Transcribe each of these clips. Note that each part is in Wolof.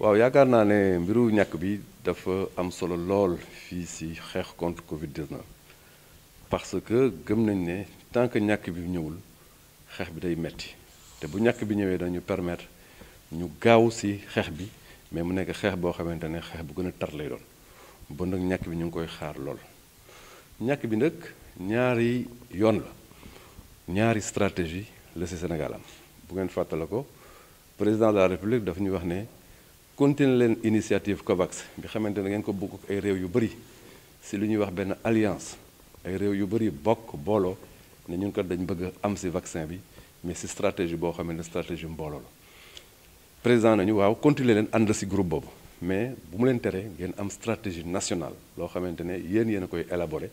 waaw yaakaar naa ne mbiru ñàkk bi dafa am solo lool fii si xeex contre Covid 19 parce que gëm nañ ne tant que ñàkk bi ñëwul xeex bi day metti te bu ñàkk bi ñëwee dañu permettre ñu gaaw si xeex bi mais mu nekk xeex boo xamante ne xeex bu gën a tar lay doon bon nag ñàkk bi ñu ngi koy xaar lool ñàkk bi nag ñaari yoon la ñaari stratégie la si Sénégal bu ngeen fàttale ko président de la république dafa ñu wax ne. continuer leen initiative COVAX bi xamante ne ngeen ko bokk ak ay réew yu bëri si lu ñuy wax benn alliance ay réew yu bëri bokk booloo ne ñun ko dañ bëgg am si vaccin bi mais si stratégie boo xamante ne stratégie mbooloo la président nañu waaw continuer leen ànd si groupe boobu mais bu mu leen teree ngeen am stratégie nationale loo xamante ne yéen yéen a koy élaborer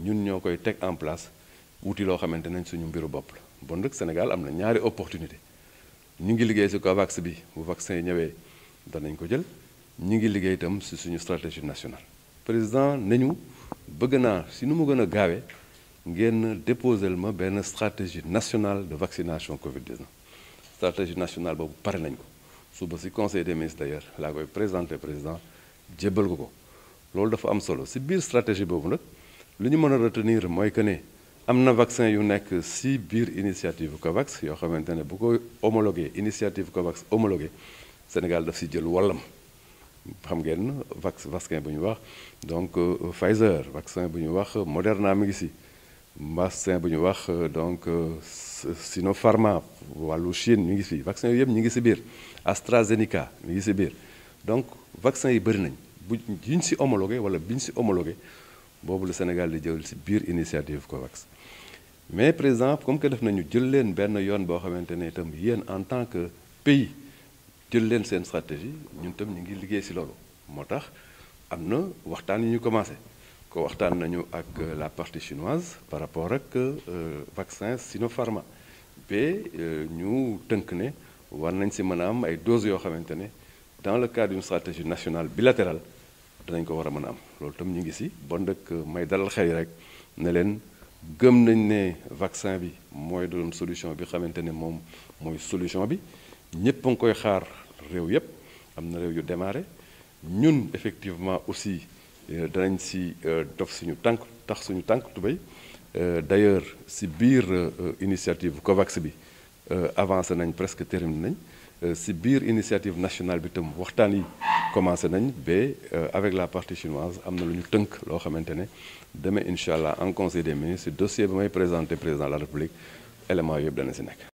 ñun ñoo koy teg en place wuti loo xamante ne suñu mbiru bopp la bon nag Sénégal am na ñaari opportunité ñu ngi liggéey si bi bu vaccin yi ñëwee. danañ ko jël ñu ngi liggéey itam si suñu stratégie nationale président nañu bëgg naa si nu mu gën a gaawee ngeen déposel ma benn stratégie nationale de vaccination covid 19 stratégie nationale boobu pare nañ ko suba si conseil des ministres d'ailleurs laa koy présenté président jébbal ko ko loolu dafa am solo si biir stratégie boobu nag lu ñu mën a retenir mooy que ne am na vaccin yu nekk si biir initiative COVAX yoo xamante ne bu ko homologué initiative COVAX homologué Sénégal daf si jël wallam xam ngeen vax vaccin bu ñu wax donc euh, Pfizer vaccin bu ñu wax Moderna mi ngi si vaccin bu ñu wax euh, donc euh, Sinopharma wàllu Chine mi ngi si vaccin yooyu yëpp ñu ngi si biir AstraZeneca mi ngi si biir donc vaccin yi bëri nañ bu yi si homologué wala bi si homologué boobu la Sénégal di jël si biir initiative COVAX mais président comme que def nañu jël leen benn yoon boo xamante ne itam yéen en tant que pays jël leen seen stratégie ñun tam ñu ngi liggéey si loolu moo tax am na waxtaan yu ñu commencé ko waxtaan nañu ak euh, la partie chinoise par rapport ak euh, vaccin Sinopharma ba euh, ñu tënk ne war nañ si mën a am ay doses yoo xamante ne dans le cadre d'une stratégie nationale bilatérale danañ ko war a mën a am loolu tam ñu ngi si bon nag may dalal xel yi rek ne leen gëm nañ ne vaccin bi mooy doon solution bi xamante ne moom mooy solution bi ñëpp a ngi koy xaar réew yëpp am na réew yu démarré ñun effectivement aussi euh, danañ si euh, dof suñu tànk tax suñu tànk tubéy euh, d'ailleurs si biir initiative COVAX bi avancé nañ presque terminé nañ si biir initiative nationale bi tam waxtaan yi commencé nañ ba avec la partie chinoise am na lu ñu tënk loo xamante ne demain incha allah en conseil des ministres dossier bi may présenté président de la république élément yëpp dana si nekk